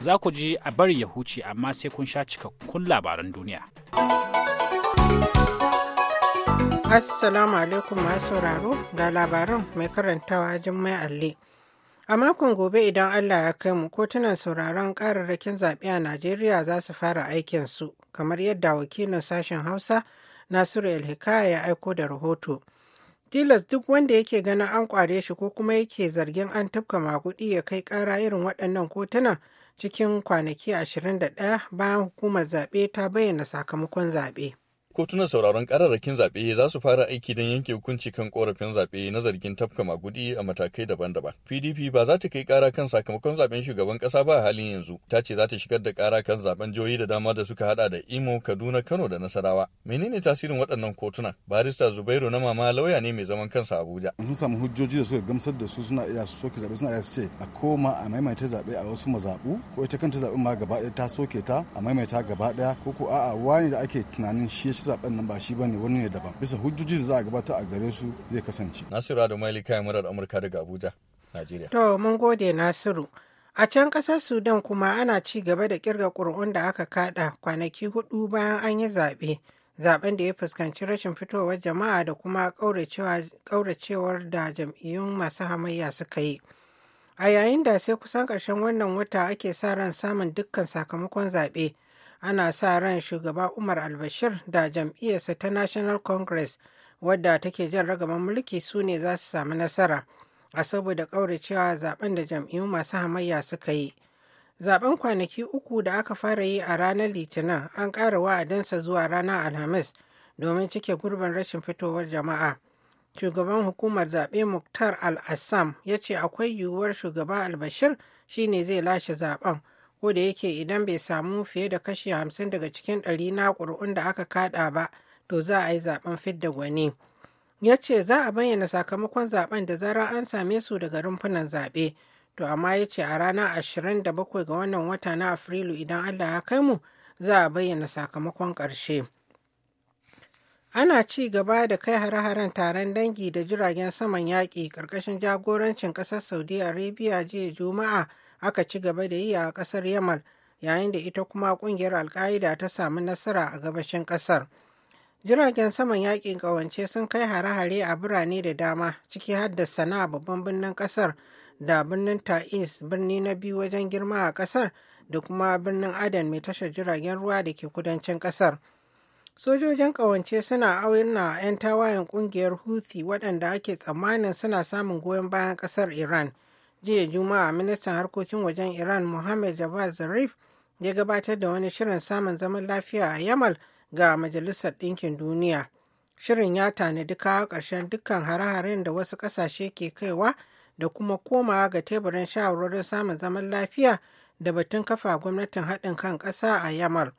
za ku ji a bari ya huce amma sai kun sha cikakkun labaran duniya. Assalamu alaikum masu sauraro ga labaran mai karantawa Jummai Alli. A makon gobe idan Allah ya kai mu kotunan sauraron kararrakin zaɓe a Najeriya za su fara aikinsu kamar yadda wakilin sashen Hausa Nasiru Elhikaya ya aiko da rahoto. tilas duk wanda yake ganin an kware shi ko kuma yake zargin an tafka maguɗi ya kai ƙara irin waɗannan kotunan? cikin kwanaki 21 bayan hukumar zaɓe ta bayyana sakamakon zaɓe. kotunan sauraron kararrakin zaɓe za su fara aiki don yanke hukunci kan korafin zaɓe na zargin tafka gudi a matakai daban-daban. PDP ba za ta kai kara kan sakamakon zaɓen shugaban kasa ba a halin yanzu. Ta ce za ta shigar da kara kan zaben jihohi da dama da suka haɗa da Imo, Kaduna, Kano da Nasarawa. Menene tasirin waɗannan kotuna Barista Zubairu na mama lauya ne mai zaman kansa Abuja. Sun samu hujjoji da suka gamsar da su suna iya soke zaɓe suna iya ce a koma a maimaita zaɓe a wasu mazaɓu ko ita kanta zaɓen ma gaba ɗaya ta soke ta a maimaita gaba ɗaya ko ko a'a wani da ake tunanin shi zaben nan ba shi bane wani ne daban bisa hujjoji da za a gabata a gare su zai kasance nasiru da malika murar amurka daga abuja najeriya to mun gode nasiru a can kasar sudan kuma ana ci gaba da kirga ƙuri'un da aka kada kwanaki hudu bayan an yi zaɓe zaben da ya fuskanci rashin fitowar jama'a da kuma ƙauracewar da jam'iyyun masu hamayya suka yi a yayin da sai kusan ƙarshen wannan wata ake sa ran samun dukkan sakamakon zaɓe ana sa ran shugaba umar albashir da jam'iyyarsa ta national congress wadda take jan ragaban mulki su ne za su sami nasara a saboda cewa zaben da jam'iyyu masu hamayya suka yi zaben kwanaki uku da aka fara yi a ranar litinin an ƙara wa'adansa zuwa ranar alhamis domin cike gurbin rashin fitowar jama'a shugaban hukumar zaɓe muktar al-assam ya ce akwai yiwuwar shugaba albashir shine zai lashe zaben ko da yake idan bai samu fiye da kashi hamsin daga cikin ɗari na ƙuri'un da aka kaɗa ba to za a yi zaɓen fidda gwani ya ce za a bayyana sakamakon zaɓen da zara an same su daga rumfunan zaɓe to amma ya ce a ranar bakwai ga wannan wata na afrilu idan allah ya kai mu za a bayyana sakamakon ƙarshe ana ci gaba da kai hare-haren taron dangi da jiragen saman yaƙi ƙarƙashin jagorancin ƙasar saudi arabia jiya juma'a aka ci gaba da yi a ƙasar yamal yayin da ita kuma ƙungiyar alka'ida ta samu nasara a gabashin ƙasar jiragen saman yaƙin ƙawance sun kai hare-hare a birane da dama ciki har da sana'a babban birnin ƙasar da birnin ta'is birni na biyu wajen girma a ƙasar da kuma birnin adan mai tashar jiragen ruwa da ke kudancin ƙasar sojojin ƙawance suna na 'yan tawayen ƙungiyar houthi waɗanda ake tsammanin suna samun goyon bayan ƙasar iran jiya juma'a ministan harkokin wajen iran mohammed javad zarif ya gabatar da wani shirin samun zaman lafiya a yamal ga majalisar ɗinkin duniya shirin ya tanadi kawo ƙarshen dukkan hare-haren da wasu ƙasashe ke kaiwa da kuma komawa ga teburin shawarwarin samun zaman lafiya da batun kafa gwamnatin haɗin kan ƙasa a yamal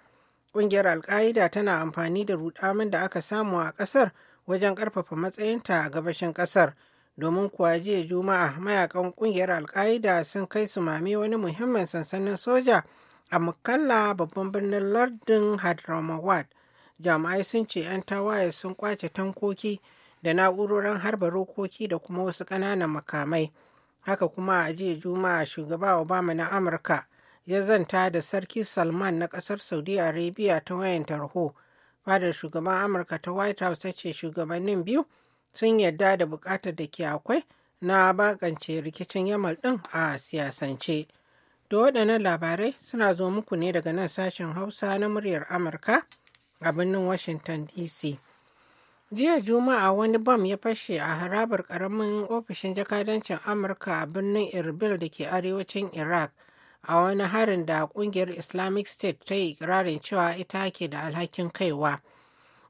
ƙungiyar alƙa'ida tana amfani da rudamin da aka samu a ƙasar wajen ƙarfafa matsayinta a gabashin ƙasar domin kuwa jiya juma'a mayakan kungiyar alka'ida sun kai su mami wani muhimmin sansanin soja a mukalla babban birnin lardin hadramawad jami'ai sun ce 'yan tawaye sun kwace tankoki da na'urorin harba rokoki da kuma wasu ƙananan makamai haka kuma a jiya juma'a shugaba obama na amurka ya zanta da sarki salman na ƙasar saudi arabia ta wayan tarho fadar shugaban amurka ta white house ce shugabannin biyu sun yarda da bukatar da ke akwai na bakance rikicin yamal ɗin a siyasance da waɗannan labarai suna zo muku ne daga nan sashen hausa na muryar amurka a birnin washington dc jiya juma'a wani bam ya fashe a harabar ƙaramin ofishin jakadancin amurka a birnin irbil da ke arewacin iraq a wani harin da ƙungiyar islamic state ta yi ikirarin cewa ita ke da alhakin kaiwa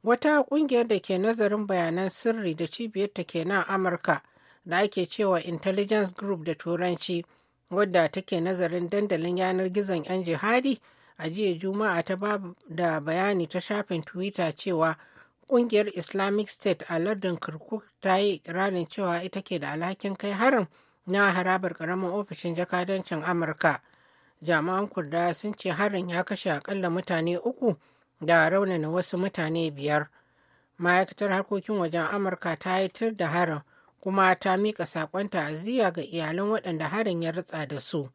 wata kungiyar da ke nazarin bayanan sirri da cibiyar ta ke nan amurka da ake cewa intelligence group da turanci wadda take nazarin dandalin yanar gizon 'yan jihadi a jiya juma'a ta ba da bayani ta shafin twitter cewa kungiyar islamic state a lardin kirkuk ta yi ranar cewa ita ke da alhakin kai harin na harabar karamin ofishin jakadancin amurka jami'an kurda sun ce harin ya kashe akalla mutane uku da raunana wasu mutane biyar ma'aikatar harkokin wajen amurka ta yi da harin kuma ta miƙa saƙon ta'aziyya ga iyalan waɗanda harin ya ritsa da su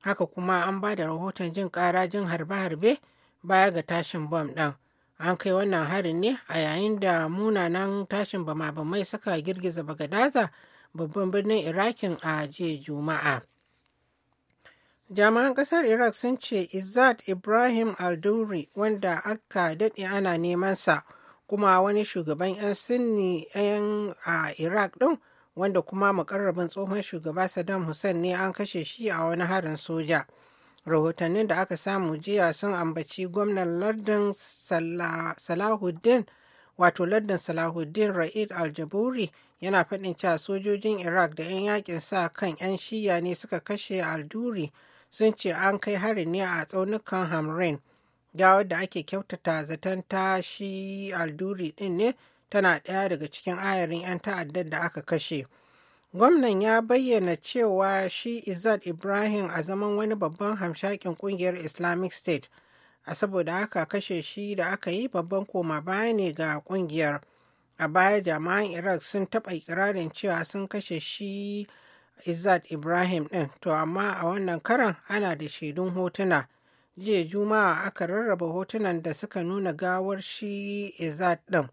haka kuma an ba da rahoton jin jin harbe-harbe baya ga tashin bom ɗin an kai wannan harin ne a yayin da munanan tashin bama-bamai suka girgiza bagadaza babban birnin irakin a jiya juma'a jami'an kasar iraq sun ce izzat ibrahim alduri wanda aka daɗe ana neman sa, kuma wani shugaban 'yan Sunni 'yan a iraq ɗin wanda kuma makarrabin tsohon shugaba saddam hussein ne an kashe shi a wani harin soja rahotannin da aka samu jiya sun ambaci gwamnan lardin salahuddin wato lardin salahuddin ra'id aljaburi yana faɗin cewa sojojin iraq da 'yan yakin sa kan 'yan shiya ne suka kashe alduri sun ce an kai hari ne a tsaunukan Hamrin. Gyawar da ake kyautata zaton tashi alduri din ne tana ɗaya daga cikin ayarin 'yan ta'addar da aka kashe gwamnan ya bayyana cewa shi Izad ibrahim a zaman wani babban hamshakin kungiyar islamic state a saboda aka kashe shi da aka yi babban koma baya ne ga kungiyar a baya jama'an iraq sun taɓa ikirarin cewa sun kashe shi Izzat Ibrahim ɗin, to amma a wannan karan ana da shaidun hotuna. Jiya Juma'a aka rarraba hotunan da suka nuna gawar shi Izzat ɗin.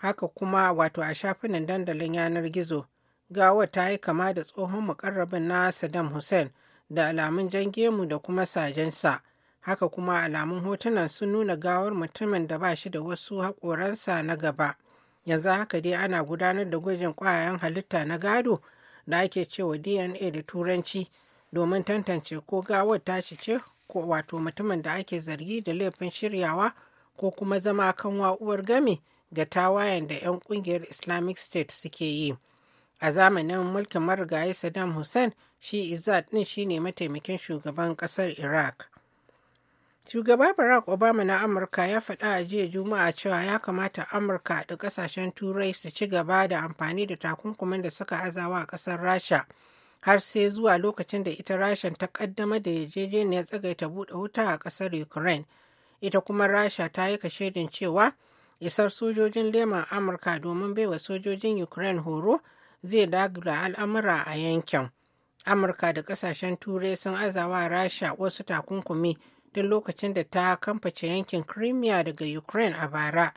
Haka kuma wato a shafinan dandalin yanar gizo, gawar ta yi kama da tsohon mukarrabin na Saddam Hussein da alamun jan gemu da kuma sajensa. Haka kuma alamun hotunan sun nuna gawar mutumin da ba shi da wasu haƙoransa na gaba. Yanzu haka dai ana gudanar da gwajin ƙwayan halitta na gado. da ake cewa dna da turanci domin tantance ko gawar tashi ce ko wato mutumin da ake zargi da laifin shiryawa ko kuma zama kan wa'uwar game ga tawayen da 'yan kungiyar islamic state suke yi a zamanin mulkin marigayi saddam hussein shi izad din shine mataimakin shugaban kasar iraq Shugaba Barack Obama na Amurka ya faɗa a jiya Juma'a cewa ya kamata Amurka da ƙasashen Turai su ci gaba da amfani da takunkumin da suka azawa a ƙasar Rasha har sai zuwa lokacin da ita Rasha ta ƙaddamar da yarjejeniyar tsagaita buɗe wuta a ƙasar Ukraine. Ita kuma Rasha ta yi kashedin cewa isar sojojin leman Amurka domin baiwa sojojin Ukraine horo zai dagula al'amura a yankin. Amurka da ƙasashen Turai sun azawa Rasha wasu takunkumi tun lokacin da ta kamface yankin crimea daga ukraine a bara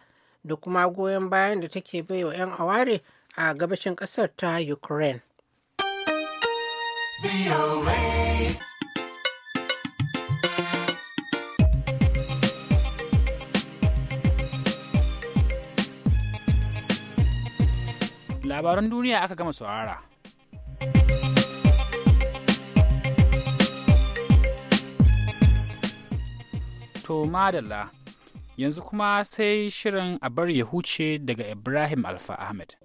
da kuma goyon bayan da take bai wa 'yan aware a gabashin ƙasar ta ukraine labaran duniya aka gama saurara To madalla, yanzu kuma sai shirin a bar ya huce daga Ibrahim Alfa Ahmed.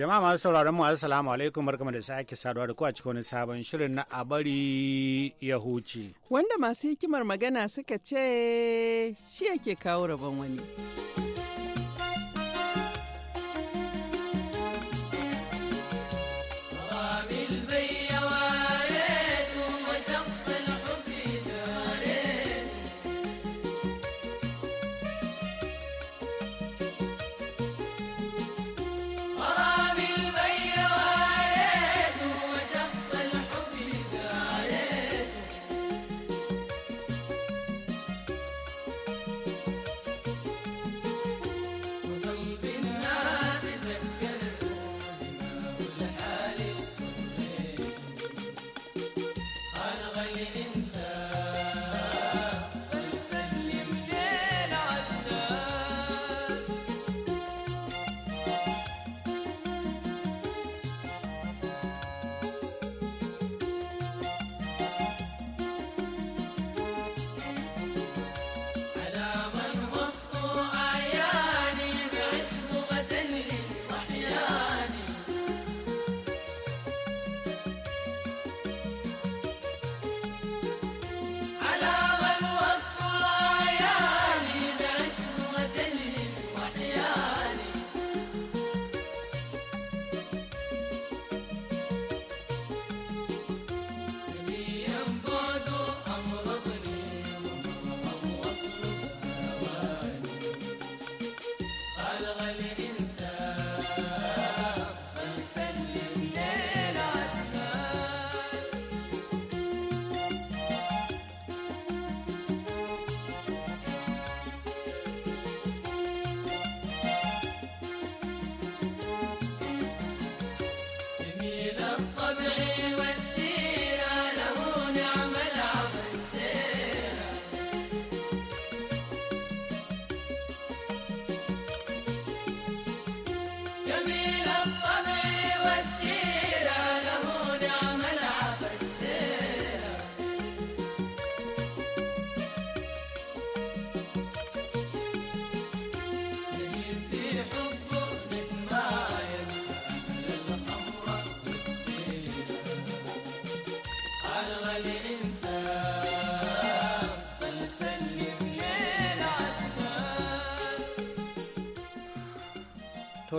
Jama'a masu sauraron mu assalamu alaikum barkamu da sake saduwa da ku a cikin wani sabon shirin na abari ya huce. Wanda masu hikimar magana suka ce shi yake kawo rabon wani.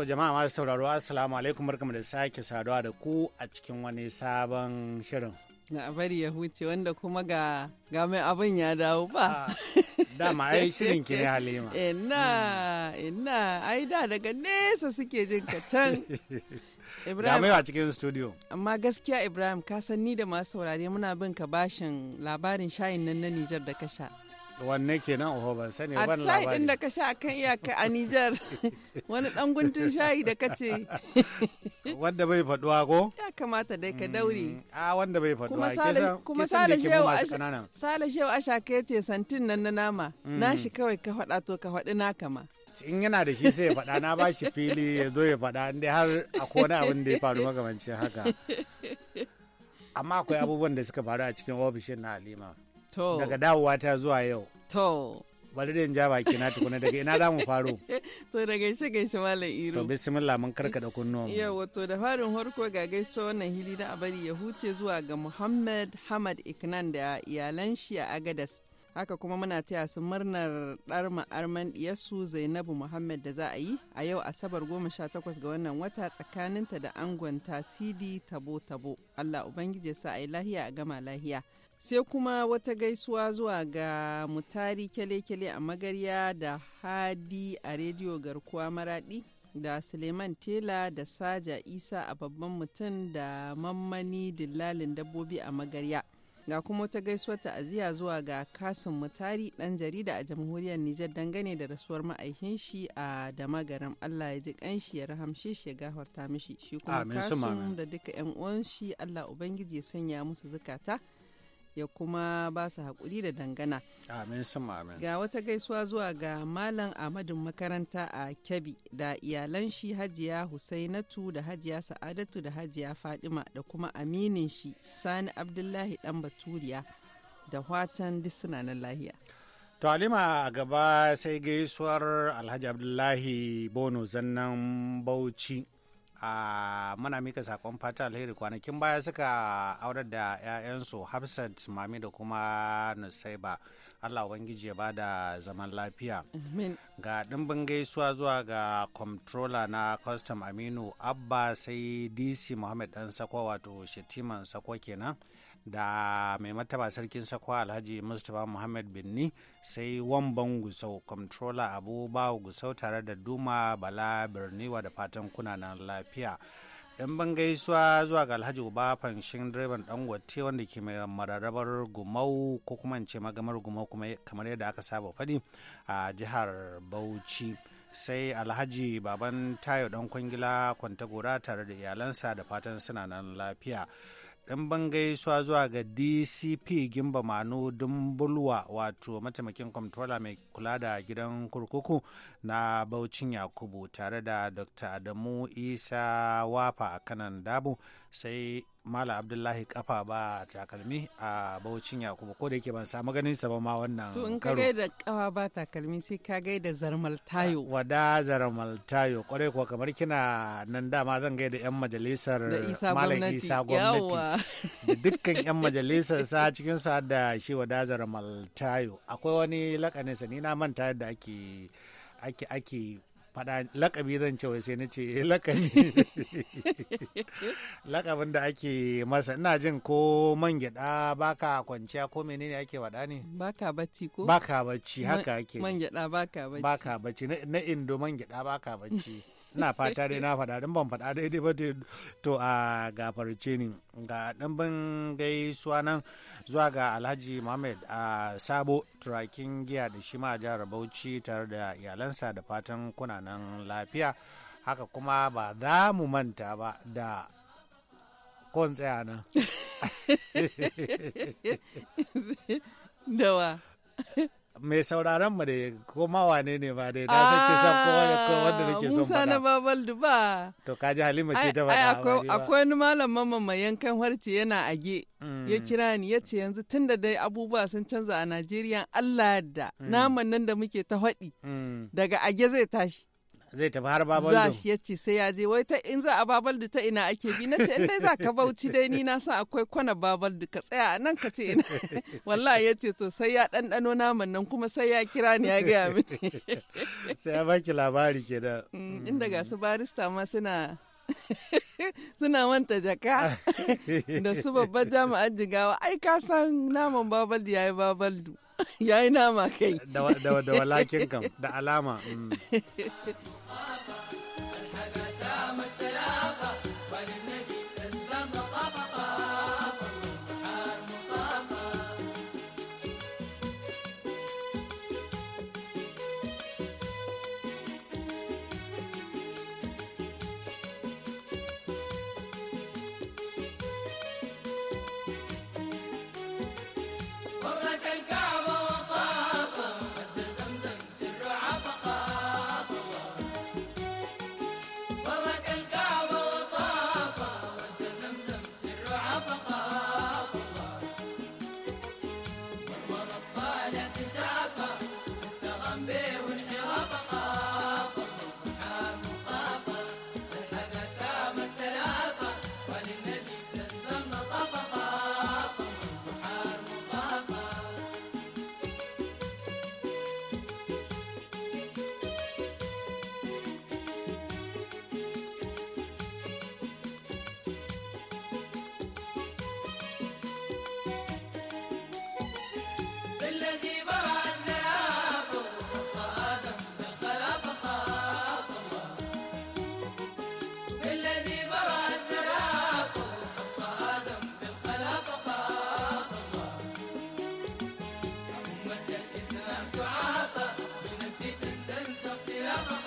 jama'a masu sauraro assalamu alaikum barkamu da sake saduwa da ku a cikin wani sabon shirin. Na bari ya huce wanda kuma ga ga mai abin ya dawo ba. Ah, dama ai shirin ki ne Halima. Ina hmm. ina ai da daga nesa suke jin ka can. Ibrahim a cikin studio. Amma gaskiya Ibrahim ka san ni da masu saurare muna bin ka bashin labarin shayin nan na Nijar da ka sha. wanne kenan oho ban sani wani labari a din da ka sha kan iyaka a Nijar wani dan guntun shayi da kace wanda bai faduwa ko ya kamata dai ka daure mm, a wanda bai faduwa kuma sale shehu sale shehu ashaka yace santin nan na nama mm. nashi kawai ka fada to ka faɗi naka ma in yana da shi sai ya faɗa na ba shi fili ya zo ya faɗa inda har akwai wani abin da ya faru magamancin haka amma akwai abubuwan da suka faru a cikin ofishin na halima To. Daga dawowa ta zuwa yau. To. Bari da ja baki na tukuna daga ina za mu faro. To da gaishe gaishe malam Iro. To bismillah mun karkada kunnuwa. iya to da farin harko ga gaisuwa wannan hili na abari ya huce zuwa ga Muhammad Hamad Iknan da iyalan shi a Agadas. haka kuma muna taya su murnar dar ma'arman diyarsu zainabu muhammad da za a yi a yau asabar goma sha takwas ga wannan wata tsakaninta da angon tasidi tabo tabo allah ubangiji sa a yi lahiya a gama lahiya sai kuma wata gaisuwa zuwa ga mutari kyale-kyale a magarya da hadi a rediyo garkuwa maradi da suleiman tela da saja isa a babban mutum da mammani dillalin dabbobi a magarya ga kuma wata gaisuwar ta'aziyya zuwa ga kasin mutari dan jarida a jamhuriyar nijar dangane da rasuwar ma'aikin shi a damagaram allah ya ji kanshi ya rahamshe shi ya gafarta mishi shi kuma kasin da duka yan uwan shi allah ubangiji ya sanya musu zukata ya kuma ba su haƙuri da dangana. Amin sama amin. Ga wata gaisuwa zuwa ga Malam ahmadu makaranta a Kebbi da iyalan shi Hajiya Husainatu da Hajiya Sa'adatu da Hajiya Fadima da kuma aminin shi Sani Abdullahi Dan Baturiya da Watan duk suna nan lahiya. Talima a gaba sai gaisuwar Alhaji Abdullahi Bono zannan Bauchi a muna mika sakon fata alheri kwanakin baya suka aurar da 'ya'yansu hafsat mami da kuma nusaiba allah ubangiji ya bada zaman lafiya ga dimbin gaisuwa zuwa ga controller na custom aminu abba sai dc muhammad dan sako wato shetiman sako kenan da mai mataba sarkin sakwa alhaji mustapha muhammad binni sai wamban gusau comptroller abu bawo gusau tare da duma bala birniwa da fatan kunanan lafiya dan ban gaisuwa zuwa ga alhaji uba fanshin direban dangote wanda ke mai mararrabar gumau ko kuma ce magamar gumau kamar yadda aka saba fadi a jihar bauchi sai alhaji baban tayo dan kwangila kwantagora tare da iyalansa da fatan suna nan lafiya dan gaisuwa zuwa ga dcp gimba manu dumbulwa wato mataimakin kwamtola mai kula da gidan kurkuku na baucin yakubu tare da dr adamu isa wafa a kanan dabu sai mala abdullahi kafa ba takalmi a bauchin yakubu ko da yake ban samu ganin sa ba ma wannan to in ka gaida kafa ba takalmi sai ka gaida zarmal tayo ah, wada zarmal tayo kwarai kuwa kamar kina nan dama zan gaida yan majalisar malam isa gwamnati da dukkan yan majalisar sa cikin sa da shi wada zarmal tayo akwai wani lakanin sa ni na manta yadda ake ake ake faɗa lakabi zan ce sai na ce eh, lakabi lakabin da ake masa ina jin ko man gyaɗa baka kwanciya ko menene ake waɗa ne baka bacci ko baka bacci haka ake man gyaɗa baka bacci baka bacci na indo man gyaɗa baka bacci ina fata dai na faɗa don ban faɗa daidai ba to a gafarce ni ga ɗimbin gaisuwa nan zuwa ga alhaji mohammed a sabo turakin giya da shi ma a jihar bauchi tare da iyalansa da fatan kunanan lafiya haka kuma ba za mu manta ba da kon tsaya nan dawa mai sauraron mu da ko wane ne ba dai na san kisan ko wanda nake son Musa na Babal Duba. To kaji Halima ce ta faɗa. Akwai wani malam mamman mai yankan harce yana age. Mm. Ya kira ni ya ce yanzu tun da dai abubuwa sun canza a Najeriya Allah da mm. naman nan da muke ta faɗi mm. daga age zai tashi. zai tafi har babal za shi yace sai ya je wai ta in za a babal ta ina ake bi na ce in dai za ka bauchi dai ni na san akwai kwana babal ka tsaya a nan ka ce ina wallahi yace to sai ya ɗanɗano naman nan kuma sai ya kira ni ya gaya mini sai ya baki labari kenan mm, inda ga su barista ma suna suna manta jaka da su babbar jami'an jigawa ai ka san naman babaldu ya yi babaldu ya yi nama kai da walakin kam da alama mm. Esperando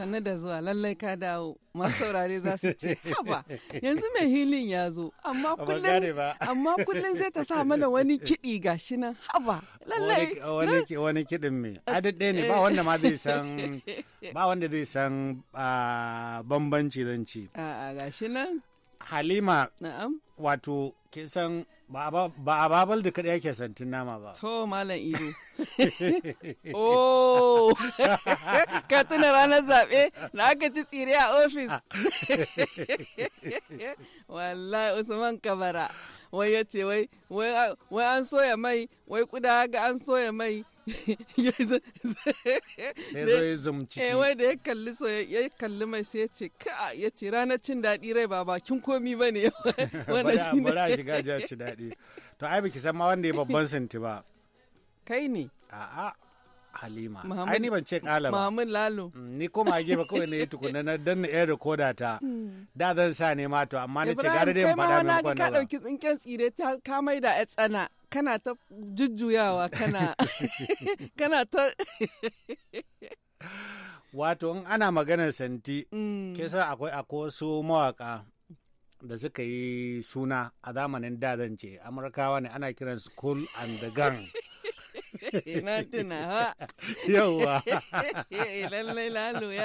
sannu da zuwa lallai ka dawo masu saurare za su ce haba yanzu mai hilin ya zo amma kullum amma kullum sai ta sa mana wani kiɗi gashi nan haba lallai wani kiɗin me adadde ne ba eh. wanda ma zai san ba wanda zai san ah, bambanci zan ci a'a gashi nan halima na'am wato kin san Ba a babal da kaɗai ake santin nama ba. To Malam Ido. Oh, ka tuna ranar zaɓe na aka ci tsire a ofis. Wallahi Usman Kabara, wai ya ce wai an soya mai, wai kuda ga an soya mai, ya zumci eh wai da ya kalli so ya kalli mai sai ya ce ka ya ce ranar cin daɗi rai ba bakin komi ba ne wannan shi ne bara shiga ja ci daɗi to ai biki san ma wanda ya babban santi ba kai ne a'a Halima ai ni ban ce kala ba Mamun Lalo mm, ni koma gefe kawai ne tukuna na danna air recorder ta da zan sa ne ma amma na ce da yin faɗa min kwana ka dauki tsinken tsire ta ka mai da tsana kana ta jujjuyawa kana kana ta wato in ana maganar santi mm. ke sa akwai akwai wasu mawaka da suka yi suna a zamanin da zan ce amurkawa ne ana kiransu cool and the gang Ina tuna ha. Yawwa. Lallai lalu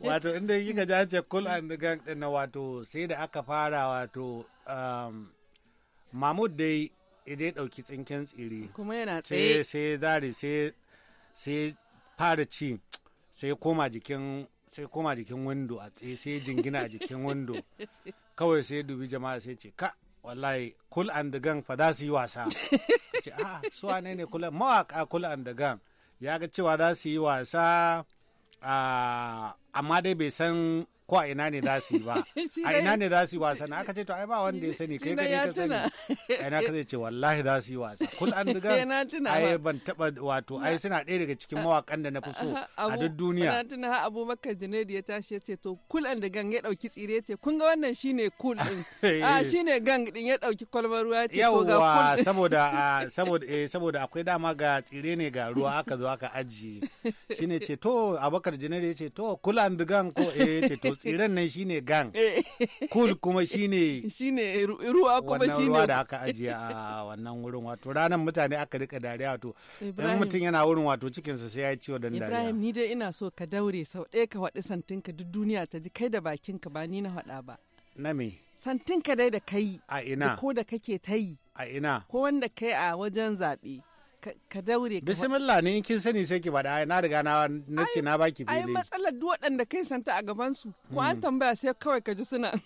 Wato inda yi ga jace kul an na wato sai da aka fara wato um, Mahmud dai idai ɗauki tsinken tsiri. Kuma yana tsaye. Sai zari sai fara ci sai koma jikin sai koma jikin wando a tsaye sai jingina a jikin wando kawai sai dubi jama'a sai ce ka wallahi kul and the gang fa da su yi wasa a su wane ne kula mawaka kul and the gang ya ga cewa za su yi wasa ah, amma dai bai san ko a ina ne za su yi ba a ina ne za su yi wasa na aka ce to ai ba wanda ya sani kai kai ka sani a ina ka ce wallahi za su yi wasa kul an riga ai ban taba wato ai suna ɗaya daga cikin mawakan da na fi so a duk duniya na tuna ha abubakar janedi ya tashi ya ce to kul an riga ya dauki tsire ce kun ga wannan shine kul din a ah, shine gang din ya dauki kwalbar ruwa ce to ga kul saboda ah, saboda eh, saboda akwai dama ga tsire ne ga ruwa aka zo aka ajiye shine ce to abubakar janedi ya ce to kul an riga ko eh ce to Tsiren tsiran nan shine gang eh. cool kuma shine shine ruwa kuma shine ruwa da aka ajiye a wannan wurin wato ranar mutane aka rika dariya wato idan mutum yana wurin wato cikinsa sai ya ci ciwo dan dariya Ibrahim ni dai ina so ka daure sau ɗaya ka waɗi santinka duk duniya ta ji kai da bakinka ba ni na hada ba na me santinka dai da kai a ina ko da kake ta yi a ina ko wanda kai a wajen zaɓe ka daure ka bismillah ne kin sani sai ki bada na riga na na ce na baki fili ai matsalar duk waɗanda kai santa a gaban su ko an hmm. tambaya sai kawai ka ji suna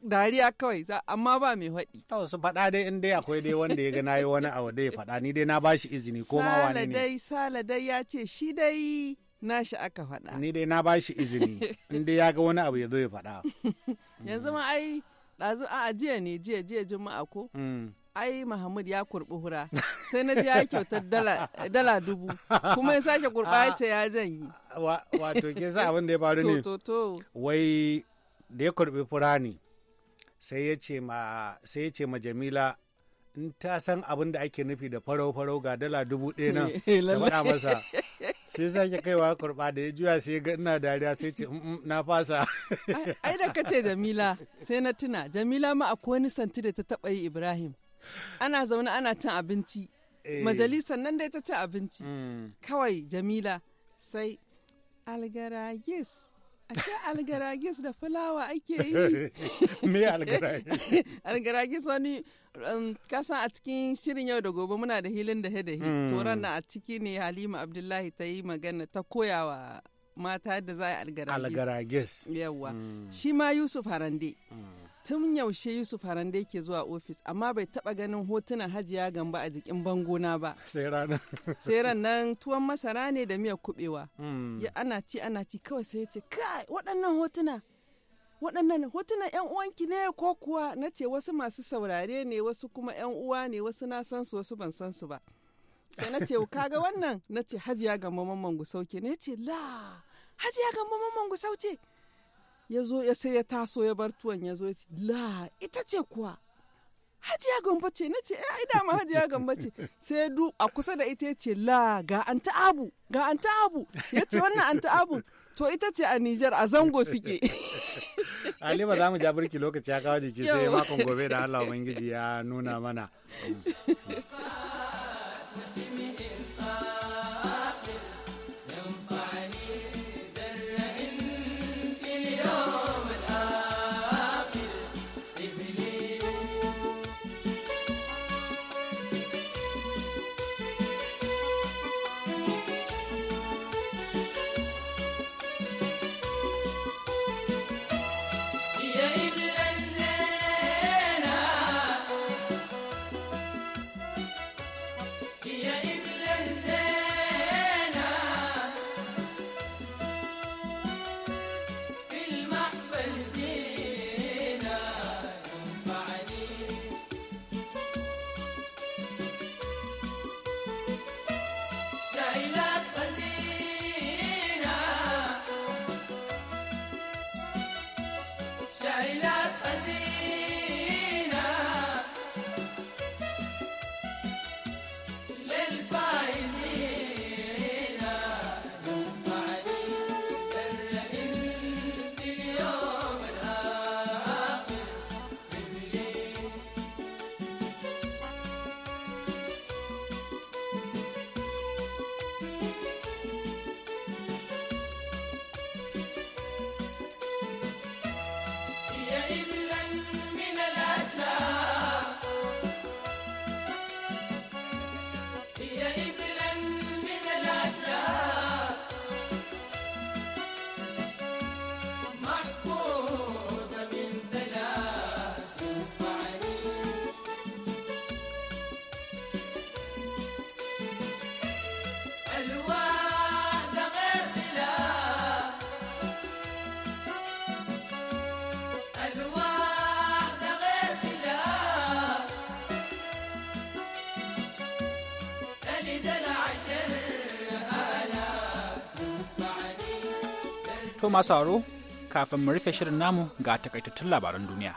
dariya kawai amma ba mai faɗi. To su faɗa dai in dai akwai dai wanda ya ga nayi wani abu dai ya faɗa ni dai na bashi izini ko ma wani ne. dai sala dai ya ce shi dai na shi aka faɗa. Ni dai na bashi izini in dai ya ga wani abu ya zo ya faɗa. Yanzu ma ai ɗazu a jiya ne jiya jiya juma'a ko. Hmm. ai Muhammad ya kurbi hura sai na ji ya kyautar dala dubu kuma ya sake kurba ya ce ya zan yi wato ke sa abin da ya faru ne wai da ya kurbi fura ne sai ya ce ma sai ya ce ma Jamila in ta san abin da ake nufi da farau-farau ga dala dubu ɗaya nan da faɗa masa sai sake kaiwa kurɓa da ya juya sai ga ina dariya sai ce mm, mm, na fasa ai da ka ce Jamila sai na tuna Jamila ma akwai wani santi da ta taɓa yi Ibrahim ana zaune ana cin abinci eh. majalisar nan dai ta ci abinci hmm. kawai jamila sai algaragis ce algaragis da fulawa ake yi me algaragis algaragis wani um, kasan a cikin shirin yau da gobe muna da hilin da he da hmm. na a ciki ne halima abdullahi ta yi magana ta koyawa mata da za a yi algaragis yawa hmm. shi ma yusuf harande tun yaushe Yusuf Harande yake zuwa ofis amma bai taba ganin hotunan hajiya gamba a jikin bangona ba. Sai ranar. Sai ranar tuwon masara ne da miyar kubewa. Hmm. Ya ana ci ana ci kawai sai ya ce kai waɗannan hotuna. Waɗannan hotuna ‘yan uwanki ne ko kuwa na ce wasu masu saurare ne wasu kuma ‘yan uwa ne wasu na san su wasu ban san su ba. Sai na ce kaga wannan na ce hajiya gamba mamman ke ne ce la hajiya gamba mamman ce ya zo ya sai ya taso ya bar tuwon ya zo ya ce la ita ce kuwa hajiya gamba ce na ce eh, ai ma hajiya gamba ce sai du a kusa da ita ya ce la ga an abu ga an abu ya ce wannan an abu to ita ce a Nijar a zango suke Ali ba za mu ja birki lokaci ya kawo jiki sai makon gobe da Allah ubangiji ya nuna mana To masu aro kafin mu rufe shirin namu ga takaitattun labaran duniya.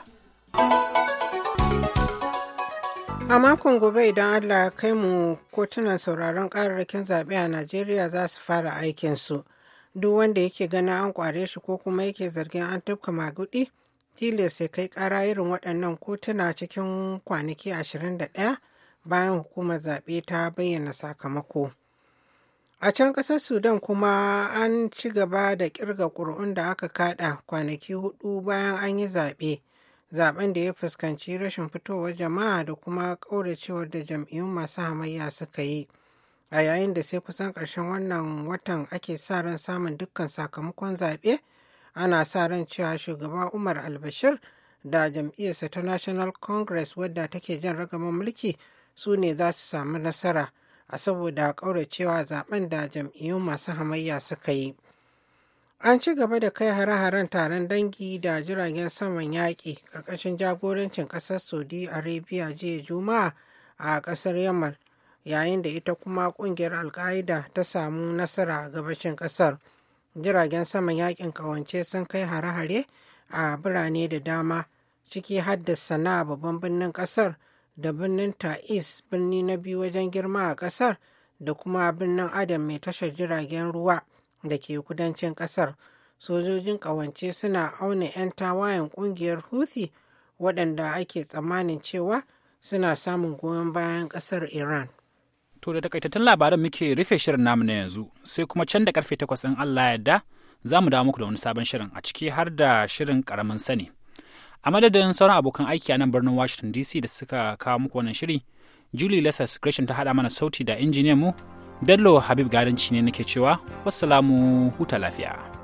A makon gobe idan Allah ya kai mu kotunan sauraron kararrakin zaɓe a Najeriya za su fara aikinsu. Duk wanda yake ganin an kware shi ko kuma yake zargin an tafka magudi, tilas ya kai ƙara irin waɗannan kotuna cikin kwanaki 21 bayan hukumar zaɓe ta bayyana sakamako. A can ƙasar Sudan kuma an ci gaba da ƙirga ƙuri'un da aka kada kwanaki hudu bayan an yi zaɓe. Zaɓen da ya fuskanci rashin fitowar jama'a da kuma ƙauracewar da jam'iyyun masu hamayya suka yi. A yayin da sai kusan ƙarshen wannan watan ake sa ran samun dukkan sakamakon zaɓe, ana sa ran cewa shugaba Umar albashir da jam'iyyarsa ta National Congress wadda take jan ragaman mulki su ne za su samu nasara. a saboda ƙauracewa zaben da jam'iyyun masu hamayya suka yi. An ci gaba da kai hare-haren taron dangi da jiragen saman yaƙi ƙarƙashin jagorancin ƙasar Saudi Arabia jiya Juma'a a ƙasar Yamal, yayin da ita kuma ƙungiyar Al-Qaida ta samu nasara a gabashin ƙasar. Jiragen saman yaƙin ƙawance sun kai hare-hare a birane da dama, ciki haddasa na babban birnin ƙasar. da birnin Ta'is birni na biyu wajen girma a kasar da kuma birnin Adam mai tashar jiragen ruwa da ke kudancin kasar Sojojin ƙawance suna auna 'yan tawayen ƙungiyar Houthi waɗanda ake tsammanin cewa suna samun goyon bayan kasar Iran. To da takaitattun labaran muke rufe shirin namu na yanzu sai kuma can da karfe takwas in Allah yadda za mu dawo muku da wani sabon shirin a ciki har da shirin karamin sani. a madadin sauran abokan aiki a nan birnin washington dc da suka kawo muku wannan shiri julie lethas gresham ta haɗa mana sauti da injiniyan mu bello habib garanci ne nake cewa salamu huta lafiya